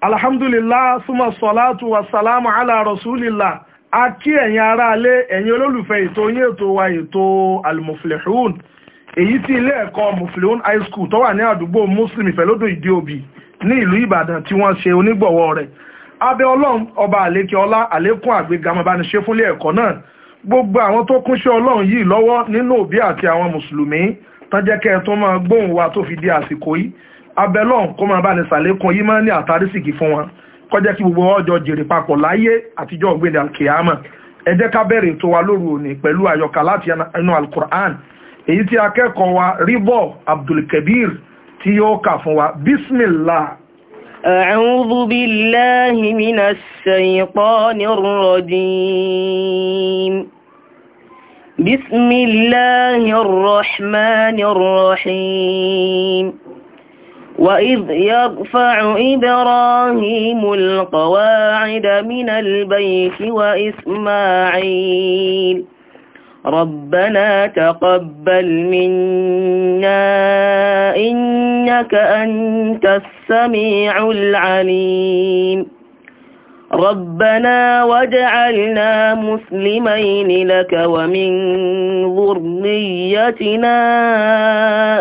alhamdulillah súnmọ̀ sọ́látù wasalamu ala rasulillah a kí ẹ̀yin ará alé ẹ̀yin olólùfẹ́ ètò yín ètò wa ètò almuflihun èyí tí ilé ẹ̀kọ́ muflihun high school tó wà ní àdúgbò muslim ìfẹ́lódò ìdí òbí ní ìlú ìbàdàn tí wọ́n ṣe onígbọ̀wọ́ rẹ̀ abẹ́ ọlọ́run ọba àlékè ọlá àlékún àgbéga mọ̀bániṣe fúnlé ẹ̀kọ́ náà gbogbo àwọn tó kúnṣẹ́ ọlọ́run yìí lọ́wọ́ nínú òbí àti àwọn mùsùlùmí tán tó máa gbóhùn wa tó fi di àsìkò yìí abẹ́lọ́n kó máa bá ní sàlékún yìí máa ní àtàrísìkì fún wọn kọjá kí gbogbo ọjọ́ jèrè papọ̀ láyé àtijọ́ ọ̀gbẹ́ni alkiyama ẹ jẹ́ ká bẹ̀rẹ̀ ètò wa lóru òní pẹ̀lú àyọkà láti inú alukur'an èyí tí akẹ́kọ̀ọ́ wa ríbọ̀ abdulkabir tí yóò kà fún wa bismillah. أعوذ بالله من الشيطان الرجيم بسم الله الرحمن الرحيم وإذ يرفع إبراهيم القواعد من البيت وإسماعيل ربنا تقبل منا إنك أنت السميع العليم ربنا وجعلنا مسلمين لك ومن ذريتنا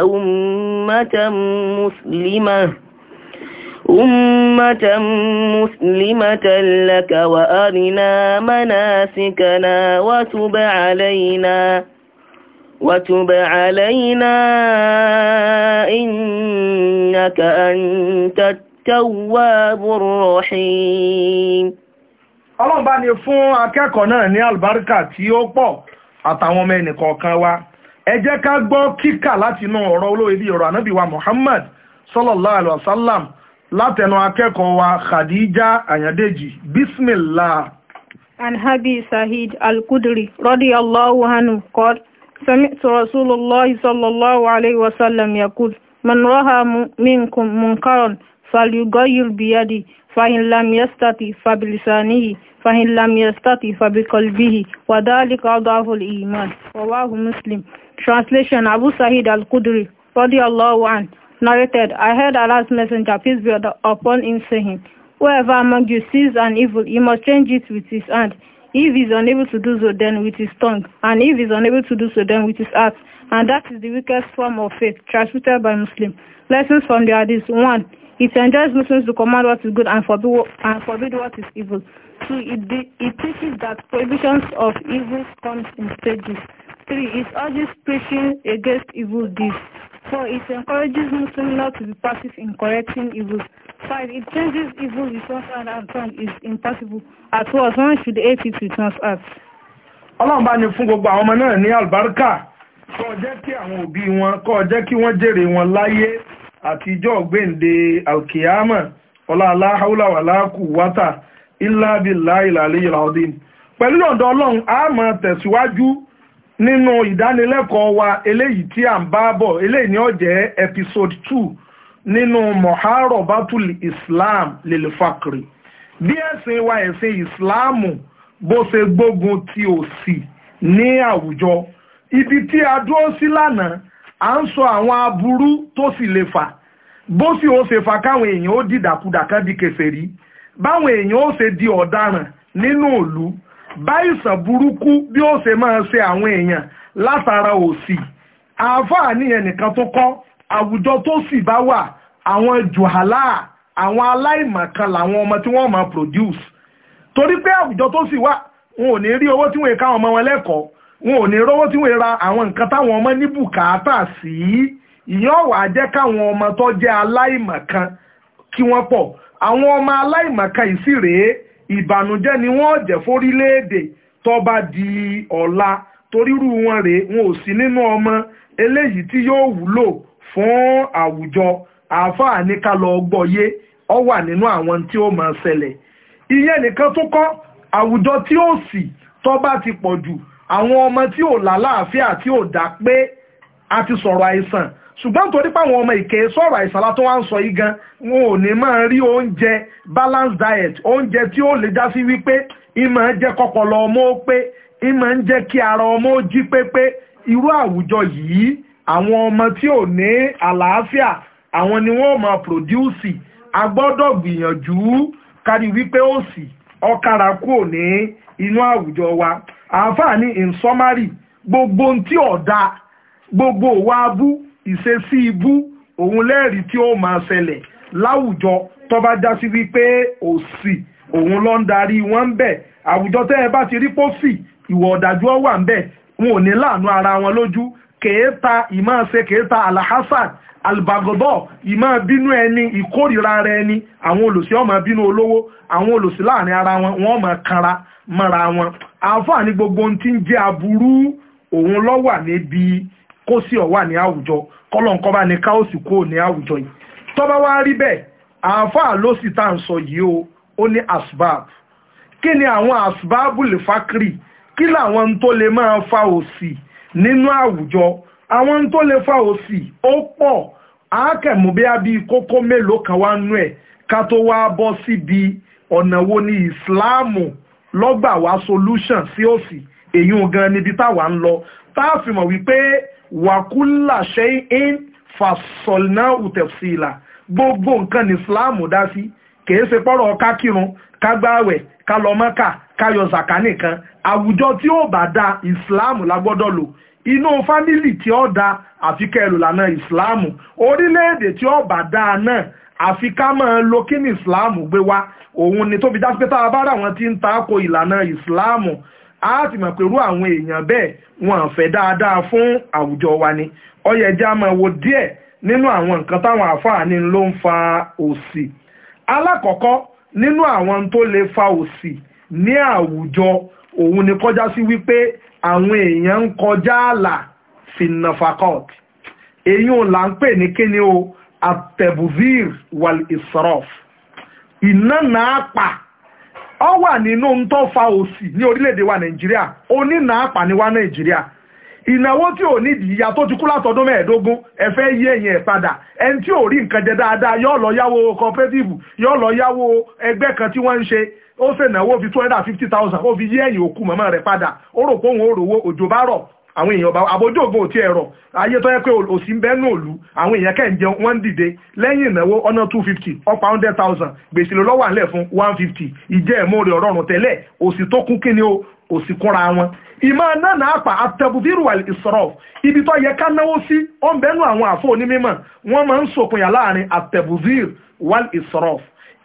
أمة مسلمة أمة مسلمة لك وأرنا مناسكنا وتب علينا وتب علينا إنك أنت التواب الرحيم ọlọ́run bá ní fún akẹ́kọ̀ọ́ náà ní àlùbáríkà tí ó pọ̀ àtàwọn ọmọ ẹnìkọ̀ọ̀kan wa ẹ jẹ́ ká gbọ́ kíkà látinú ọ̀rọ̀ olówe bíi ọ̀rọ̀ ànábì wa Muhammad sallallahu alaihi wasallam látẹnu akẹ́kọ̀ọ́ wa Khadija Ayandeji bismillah. an habi sahid al-kudri radiyallahu anhu qala sami'tu rasulullahi sallallahu alaihi wasallam man raha minkum فليغير بيده فإن لم يستطع فبلسانه فإن لم يستطع فبقلبه وذلك أضعف الإيمان رواه Muslim Translation Abu Sa'id al-Qudri radiallahu anhu narrated I heard Allah's messenger peace be upon him saying whoever among you sees an evil he must change it with his hand if he is unable to do so then with his tongue and if he is unable to do so then with his heart and that is the weakest form of faith transmitted by Muslim lessons from the hadith one It enjoins Muslims to command what is good and forbid, and forbid what is evil. Two, it, it teaches that prohibitions of evil comes in stages. Three, it urges preaching against evil deeds. Four, it encourages Muslims not to be passive in correcting evil. Five, it changes evil with one's hand and tongue is impossible. At worst, one should hate it with one's heart. Ọlọ́run fún gbogbo àwọn ọmọ náà ní àlùbáríkà kó jẹ́ kí àwọn òbí wọn kó jẹ́ kí wọ́n jèrè wọn láyé. àtijọ́ gbèǹde alkiyama ọlá aláhàúlà wà láàkú wátà ìlàbílà ìlàlẹ́ ìlàọdín pẹ̀lú ọ̀dọ̀ ọlọ́run a máa tẹ̀síwájú nínú ìdánilẹ́kọ̀ọ́ wa eléyìí tí a ń bá bọ̀ eléyìí ni ó jẹ́ episode two nínú moharobatul islam lilfakri bí ẹ̀sìn wa ẹ̀sìn ìsìláàmù bó ṣe ti ní àwùjọ ibi tí a dúró à ń sọ àwọn aburú tó sì lè fà bó sì ó ṣe fa káwọn èèyàn ó dìdàkudà kan di kèfèrí báwọn èèyàn ó ṣe di ọ̀daràn nínú ìlú báyìsàn burúkú bí ó ṣe máa ṣe àwọn èèyàn látara òṣì àáfàá nìyẹn nìkan tó kọ́ àwùjọ tó sì bá wà àwọn jùhálà àwọn aláìmọ̀kan làwọn ọmọ tí wọ́n máa produce torí pé àwùjọ tó sì wà wọn ò ní rí owó tí wọ́n ká ọmọ wọn lẹ́kọ̀ọ́ wọn ò ní rówó tí wọ́n ra àwọn nǹkan táwọn ọmọ ní bùkátà sí ìyẹn ọ̀wà jẹ́ káwọn ọmọ tó jẹ́ aláìmọ̀kan kí wọ́n pọ̀ àwọn ọmọ aláìmọ̀kan yìí sì rèé ìbànújẹ́ ni wọ́n jẹ́ fórílẹ̀-èdè tó di ọ̀la torírú wọn rèé wọn ò sí nínú ọmọ eléyìí tí yóò wúlò fún àwùjọ àáfàá ní ká lọ gbọ́yé ọ wà nínú àwọn tí ó máa ṣẹlẹ̀ ìyẹn nìkan tó kọ́ àwùjọ tí ó sì tó ti pọ̀ jù àwọn ọmọ tí ò lálàáfíà tí ò dá pé a ti sọ̀rọ̀ àìsàn ṣùgbọ́n torí páwọn ọmọ ìkè sọ̀rọ̀ àìsàn látọ́ wá ń sọ yìí gan wọn ò ní máa rí oúnjẹ balanced diet oúnjẹ tí ó lè já sí wípé ìmọ̀ ń jẹ́ kọpọlọ ọmọ ó pé ìmọ̀ ń jẹ́ kí ara ọmọ ó jí pépé irú àwùjọ yìí àwọn ọmọ tí ò ní àlàáfíà àwọn ni wọ́n máa pòdúùsì a gbọ́dọ̀ gbìyànjú kárí wípé ó sì ọkàrà kúrò ní inú àwùjọ wa. àáfàá ní in summary gbogbo tí ọ̀dà gbogbo òwa abú ìṣesí ibú òun lẹ́rìí tí ó máa ṣẹlẹ̀ láwùjọ tó bá dá sí wípé òsì òun ló ń darí wọn ń bẹ̀ àwùjọ tẹ́ ẹ bá ti rí pósì ìwà ọ̀dájú ọ̀wà ń bẹ̀ wọn ò ní láàánú ara wọn lójú kèéta ìmáṣe kèéta alhassan albagodọ ìmọ̀ bínú ẹni ìkórìíra ara ẹni àwọn olòṣì ọmọ bínú olówó àwọn olòṣì láàrin ara wọn wọn máa kanra mọ́ra wọn àǹfààní gbogbo ohun tí ń jẹ́ aburú òun ló wà níbi kó sì ọ̀ wà ní àwùjọ kọ́lọ́nkọ́ bá ní káòsì kúrò ní àwùjọ yìí tó wá rí bẹ́ẹ̀ àǹfàà ló sì tá à ń sọ yìí o ó ní asbab kí ni àwọn asbab lè fakiri kí làwọn tó lè máa fa òṣì nínú àwùjọ àwọn tó lè fa òṣì ó pọ̀ àákẹ́mú bí a bí kókó mélòó kan wá nú ẹ̀ ká tó wá bọ́ síbi ọ̀nà wo ni ìsìláàmù lọ́gbà wá solution sí òsì èyí gan níbi táwa ń lọ tá a fi mọ̀ wípé wàkúlà ṣe ń fàṣọlná ùtẹ̀síìlà gbogbo nǹkan ní Islam dá sí kìí ṣe pọ́rọ̀ ká kírun ká gbáwẹ̀ ká lọ mọ́kà ká yọ zàká nìkan àwùjọ tí ó bá da Islam la gbọ́dọ̀ lò inú fámìlì tí ó da àfikẹ́ lò lànà Islam orílẹ̀-èdè tí ó bá da náà àfi ká máa lo kí ni islam gbé wá òun ni tó fi dá sí pé tá a bá rà wọn tí ń tako ìlànà islam a ti mọ̀ pé irú àwọn èèyàn bẹ́ẹ̀ wọn fẹ́ dáadáa fún àwùjọ wa ni ó yẹ jẹ́ a máa wo díẹ̀ nínú àwọn nǹkan táwọn àfáàní ló ń fa òṣì alákọ̀ọ́kọ́ nínú àwọn tó lè fa òṣì ní àwùjọ òun ni kọjá sí wípé àwọn èèyàn ń kọjá ààlà finafakot èyí ò là ń pè ní kíni o àtẹ̀bùzír wàl ìsọ̀rọ̀f iná náà pa ọ wà nínú ń tó ní orílẹ̀-èdè wa nàìjíríà oní náà pa ní wa nàìjíríà ìnáwó tí ò nídìí ìyá tó ti kú látọdún mẹ́ẹ̀ẹ́dógún ẹ fẹ́ yí ẹ̀yìn ẹ̀ padà ẹni tí ò rí nǹkan jẹ dáadáa yóò lọ yáwó cooperative yóò lọ yáwó ẹgbẹ́ kan tí wọ́n ń ṣe ó sì náwó fi two hundred and fifty thousand ó fi yí ẹ̀yìn òkú màmá rẹ̀ padà ó rò pé òun ò rówó òjò bá rọ̀ àwọn èèyàn ọba àbójú ògbó òtí ẹ̀rọ ayé tó yẹ pé òsì ń bẹ́ẹ̀ nùlù àwọn èèyàn kẹ́ ń jẹun wọ́n ń dìde lẹ́yìn ìnáwó ọ̀nà two fifty ọ̀pá hundred thousand gbèsè ló lọ́wọ́ àlẹ́ fún one fifty ìjẹ́ ẹ̀mọ́ rẹ̀ ọ̀rọ̀rùn tẹ́lẹ̀ òsì tó kún kí ni o òsì kúnra wọn. ìmọ̀ náà náà pa àtẹ̀bùdírù ìsọ̀rọ̀ ibi tó yẹ ká náwó sí ọ̀nbẹ́nu àwọn àfọ̀ onímọ̀ wọ́n máa ń sòkun yà láàrin àtẹ̀bùdírù wal ìsọ̀rọ̀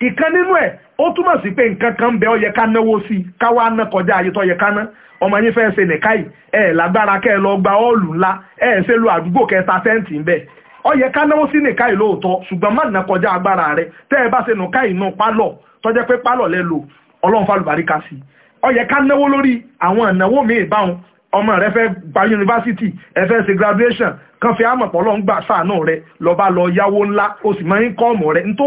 ìkan nínú ẹ̀ ó túmọ̀ sí pé nǹkan kan bẹ ó yẹ ká náwó sí i ká wá ná kọjá ayé tó yẹ ká ná ọmọ yín fẹ́ ṣe nìka yìí ẹ̀ lágbára kẹ́ ẹ lọ gba ọ́ọ̀lù ńlá ẹ̀ ṣe lu àdúgbò kẹta sẹ́ǹtì ń bẹ̀ ó yẹ ká náwó sí nìka yìí lóòótọ́ ṣùgbọ́n má ná kọjá agbára rẹ tẹ́ ẹ bá ṣe nùka yìí náà pálọ̀ tọ́jẹ́ pé pálọ̀ lẹ lò ọlọ́run fàlùbáríkà sí i ká náwó lórí àwọn ìnáwó míì báwọn ọmọ rẹ fẹ́ gba yunifásitì ẹ fẹ́ ṣe graduation kan fi àmọ̀ pọ̀ lọ́n gbà sàánú rẹ lọ bá lọ yáwó ńlá o sì máa ń kọ́ọ̀mù rẹ ní tó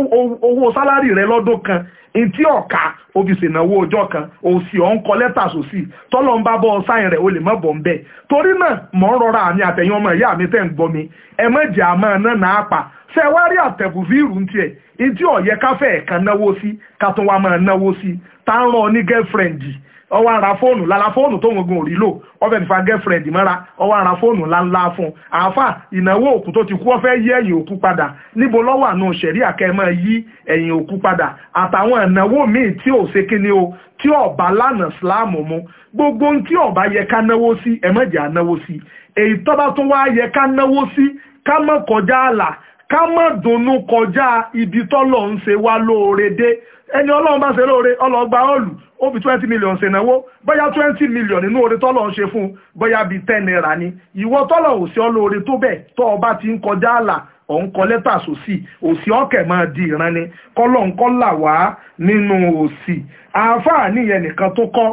owó sálárì rẹ lọ́dún kan ní tí ọ̀ka òbí ṣènáwó ọjọ́ kan òsì ọ̀ ń kọ lẹ́tà sòsì tọ́lọ́ ń bá bọ́ sáyìn rẹ̀ o lè má bọ̀ ń bẹ̀ torí náà mọ̀ ń rọra àmì àtẹ̀yìn ọmọ ìyá mi tẹ̀ ń gbọ́ mi ẹ má jẹ́ àmọ́ náà náà pa ṣe wá rí àtẹ̀kù fíìrù ń tiẹ̀ ní tí ọ̀yẹ́ káfẹ́ ẹ̀kan náwó sí ká tún wá máa náwó sí tá ń rán ọ ní gẹ́fẹ̀rẹ̀ǹdì ọwọ́ ara fóònù lára fóònù tó wọn gun òrí lò ọfẹ́ nípa girlfriend mọ́ra ọwọ́ ara fóònù ńláńlá fún àáfà ìnáwó òkú tó ti kú ọfẹ́ yí ẹ̀yìn òkú padà níbo lọ́wọ́ àna òṣèré àkẹ́mọ́ yí ẹ̀yìn òkú padà àtàwọn ìnáwó míì tí ò ṣe kíní o tí ọba lánàá síláàmù mu gbogbo ohun tí ọba yẹ ká náwó sí ẹ̀mọ́jà náwó sí èyí tọ́ba ká má dunnú kọjá ibi tọ́lọ̀ ń ṣe wá lóore dé ẹni ọlọ́run bá ṣe lóore ọlọ́gba ọ̀lù ó fi twenty million ṣe náwó bóyá twenty million nínú oore tọ́lọ̀ ń ṣe fún un bóyá bíi ten naira ni ìwọ tọ́lọ̀ ò sí ọlọ́ore tó bẹ̀ tọ́ ọba ti ń kọjá àlà òun kọ lẹ́tà sósì òsì ọ̀kẹ́ máa di ìran ni kọ́lọ́ǹkọ́ là wá nínú òsì àáfàá nìyẹn nìkan tó kọ́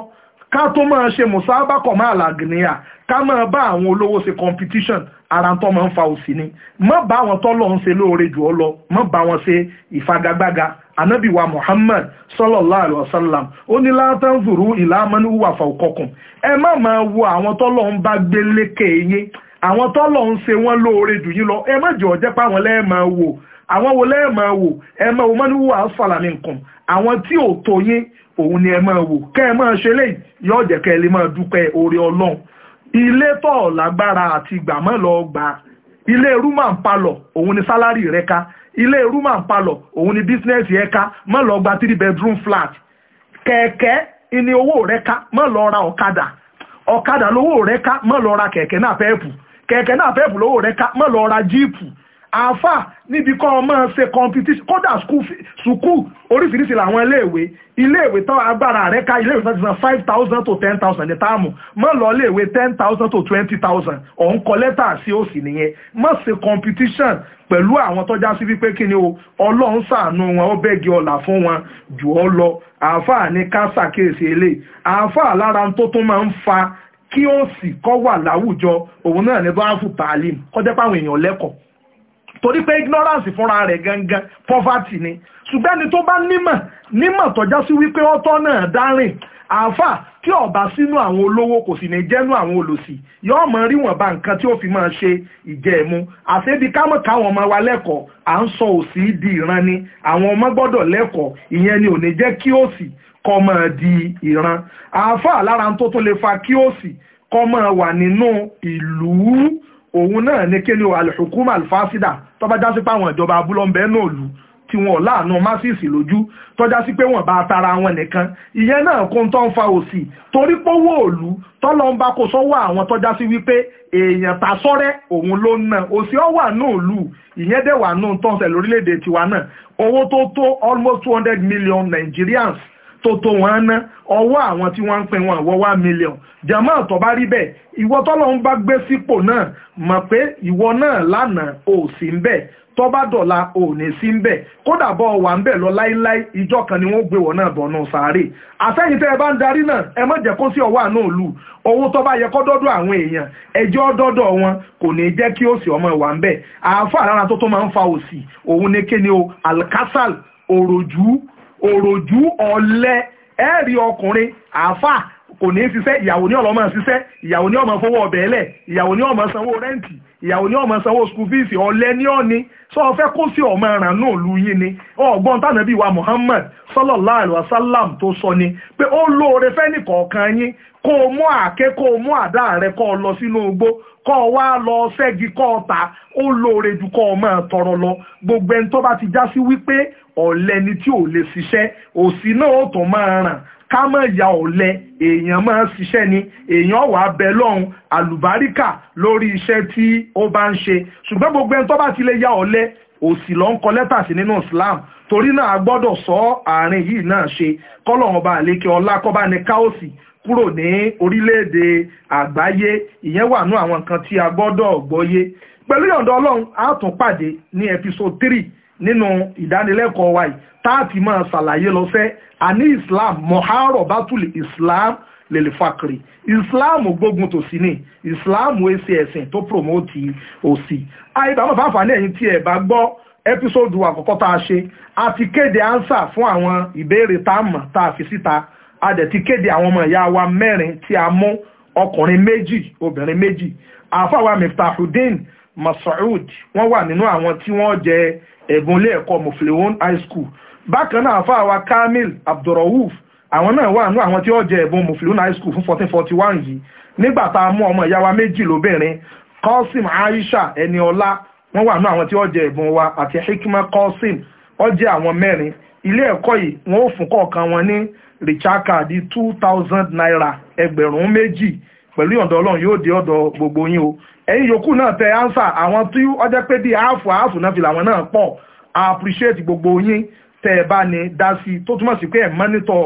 ká tó máa ṣe mùsáábàkọ̀ máa làgìníyà ká máa bá àwọn olówó ṣe competition ara tó máa ń fa òsì ni má bá àwọn tọ́lọ̀ ń ṣe lóore jù ọ lọ má bá wọn ṣe ìfagagbága anabi wa muhammad sallallahu alayhi wa sallam ó ní látàn zuru ìlàmánú wà fàwọkọkùn ẹ má máa wo àwọn tọ́lọ̀ ń bá gbé lékè yín àwọn tọ́lọ̀ ń ṣe wọ́n lóore jù yín lọ ẹ má jẹ́ ọ̀jẹ́ pa àwọn lẹ́ẹ̀ máa wò àwọn wo lẹ́ẹ̀ máa wò ẹ máa wò mọ́nú wà fàlà ní nǹkan àwọn tí ò tó yín òun ni ẹ máa wò kẹ́ ẹ máa ṣe léyìí yóò jẹ́ kẹ́ ẹ lè máa dúpẹ́ oore ọlọ́run ilé tọ̀ lágbára àti ìgbà mọ́ lọ gbà ilé rúmà ń palọ̀ òun ni sálárì rẹ ká ilé rúmà palọ̀ òun ni bísínẹ́sì ẹ ká mọ́ lọ gba three bedroom flat kẹ̀kẹ́ ni owó rẹ ká mọ́ lọ ra ọ̀kadà ọ̀kadà lówó rẹ ká mọ́ lọ ra kẹ̀kẹ́ náà fẹ́ẹ̀pù kẹ̀kẹ́ náà fẹ́ẹ̀pù lówó rẹ ká mọ́ lọ ra jíìpù àáfà níbi kọ́ ọmọ ṣe competition kódà sùkúù oríṣiríṣi làwọn iléèwé iléèwé tó agbára rẹ̀ ká iléèwé tó ti san five thousand to ten thousand ní táàmù mọ́ lọ iléèwé ten thousand to twenty thousand ọ̀hún kọ lẹ́tà sí òsì nìyẹn mọ́ ṣe competition pẹ̀lú àwọn tọ́já sí wípé kí ni o ọlọ́run ṣàánú wọn ó bẹ́gi ọ̀là fún wọn jù ọ lọ àáfàá ní ká ṣàkíyèsí eléyìí àáfàá lára tó tún máa ń fa kí òsì kọ́ wà láwùjọ òun náà ní bá fún tààlìm kọ́jẹ́ pàwọn èèyàn lẹ́kọ̀ọ́ torí pé ignorance fúnra rẹ̀ gangan poverty ni ṣùgbọ́n ẹni tó bá nímọ̀ nímọ̀ tọ́já sí wípé ọtọ́ náà dárìn àáfà tí ọba sínú àwọn olówó kò sì ní jẹ́nu àwọn olòṣì yóò mọ ríwọ̀n bá nǹkan tí ó fi máa ṣe ìjẹ̀mú àṣebi kámọ̀ káwọn ọmọ wa lẹ́kọ̀ọ́ à ń sọ òṣì di ìran ni àwọn ọmọ gbọ́dọ̀ lẹ́kọ̀ọ́ ìyẹn ni ò ní jẹ́ kí òṣì kọ́ máa di ìran àáfà lára tó tún lè fa kí òṣì kọ́ máa wà nínú ìlú òun náà ni kí ni alhukuma alfasida tó bá jásí pé àwọn ìjọba abúlọ́mbẹ́ náà lù tí wọn láàánú masisi lójú tọ́já sí pé wọ́n bá tara wọn nìkan ìyẹn náà kó ń tọ́ ń fa òsì torí pówó òlu tọ́lọ ń bá kó sọ́wọ́ àwọn tọ́já sí wípé èèyàn ta sọ́rẹ́ òun ló ń ná òsì ọwà náà lù ìyẹn dẹ̀ wà náà tọ́sẹ̀ lórílẹ̀‐èdè tiwa náà owó tó tó almost two hundred million Nigerians tó tó wọn ná ọwọ́ àwọn tí wọ́n ń pin wọn àwọ̀ wá mílíọ̀n jàmọ́ ọ̀tọ̀ bá rí bẹ́ẹ̀ ìwọ tọ́lọ́ ń bá gbé sípò náà mọ̀ pé ìwọ náà lánàá ò sí ń bẹ̀ tó bá dọ̀la ò ní sí ń bẹ̀ kódà bọ́ wà ń bẹ̀ lọ láíláí ìjọ kan ni wọ́n gbé wọ̀ náà bọ̀ náà sáré àsẹ́yìn tẹ́ ẹ bá ń darí náà ẹ má jẹ́ kó sí ọwọ́ àánú òlu owó tó yẹ kó dọ́dọ̀ àwọn èèyàn ẹjọ́ dọ́dọ̀ wọn kò ní jẹ́ kí òsì ọmọ ìwà ń bẹ̀ àáfà rárá tó tó máa ń fa òsì òun ní kéde o alkasal òròjú òròjú ọ̀lẹ ẹ̀rí ọkùnrin àáfà kò ní ṣiṣẹ́ ìyàwó ní ọlọ́mọ ṣiṣẹ́ ìyàwó ní ọmọ fowó ọbẹ̀ ẹlẹ̀ ìyàwó ní ọmọ sanwó rẹ́ǹtì ìyàwó ní ọmọ sanwó skul fíìsì ọ̀lẹ́ ní ọ̀ni sọ ọ fẹ́ kó sí ọmọ ẹ̀ràn náà lu yín ni ọgbọ́n tànàbí wa Muhammad sallallahu alaihi wasallam tó sọ ni pé ó lóore fẹ́ni kọ̀ọ̀kan yín kó o mú àáké kó o mú àdá rẹ kó o lọ sínú ogbó kó o wá lọ ṣẹ́gi kó o ta ó lóore ju kó o máa tọrọ lọ gbogbo ẹni tó bá ti já sí wípé ọ̀lẹ́ni tí ò lè ṣiṣẹ́ òsì náà ó tún máa ràn ká má ya ọ̀lẹ èèyàn máa ṣiṣẹ́ ni èèyàn wà bẹ lọ́hùn àlùbáríkà lórí iṣẹ́ tí ó bá ń ṣe ṣùgbọ́n gbogbo ẹni tó bá ti lè ya ọ̀lẹ òsì ló ń kọ lẹ́tà sí nínú Islam torí náà a gbọ́dọ̀ sọ àárín yìí náà ṣe kọ́lọ́run bá lékè ọlá kọ́bá ní káòsì kúrò ní orílẹ̀-èdè àgbáyé ìyẹn wà nú àwọn nǹkan tí a gbọ́dọ̀ gbọ́yé pẹ̀lú yọ̀ǹda Ọlọ́run a tún pàdé ní episode three nínú ìdánilẹ́kọ̀ọ́ wa yìí táàtì máa ṣàlàyé lọ́sẹ̀ àní islam moharo batul islam lèlèfàkìrì islam gbógun tòsí ni islam èsì ẹ̀sìn tó promote òsì àìbámọ̀ fáfáàní ẹ̀yìn tí ẹ̀ bá gbọ́ ẹ́písòdù àkọ́kọ́ tá a ṣe a ti kéde ánsà fún àwọn ìbéèrè tá a mọ̀ tá a fi síta a dẹ̀ ti kéde àwọn ọmọ ìyá wa mẹ́rin tí a mú ọkùnrin méjì obìnrin méjì àfáwà miftahudeen Masoud wọ́n wà nínú àwọn tí wọ́n jẹ ẹ̀bùn ilé ẹ̀kọ́ muflewon high school bákan náà àfa àwa Kamil Abdulrauf àwọn náà wà nínú àwọn tí wọ́n jẹ ẹ̀bùn muflewon high school fún 1441 forty yìí nígbà tá a mú ọmọ ìyá wa méjì lóbìnrin Qasim Aisha ẹni ọlá wọ́n wà nínú àwọn tí wọ́n jẹ ẹ̀bùn wa àti Hikima Qasim ọ jẹ àwọn mẹ́rin ilé ẹ̀kọ́ yìí wọ́n ó fún kọ̀ọ̀kan wọn ní richard card two naira ẹgbẹ̀rún méjì pẹ̀lú ọ̀dọ̀ ọlọ́run yóò dé ọ̀dọ̀ gbogbo yín o ẹ̀yin yòókù náà tẹ ánsà àwọn tí ó jẹ́ pé bíi áàfù áàfù náà fi làwọn náà pọ̀ i appreciate gbogbo yín tẹ ẹ bá ní dá sí tó túmọ̀ sí pé ẹ̀ mọ́nítọ̀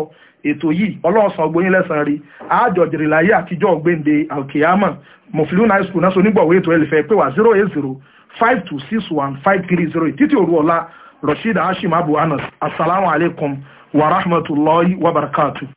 ètò yìí ọlọ́run san gbóyin lẹ́sàn rí àjọjìrì láyé àtijọ́ gbéǹde alkiyama mọ̀fìlú high school náà sonígbọ̀wé ètò ẹlẹ́fẹ́ pé wá zero eight zero five two six one five three zero eight títí òru ọ̀la rasheed hashim abu anas asalaamu alaykum wa rahmatulahi wa barakatuh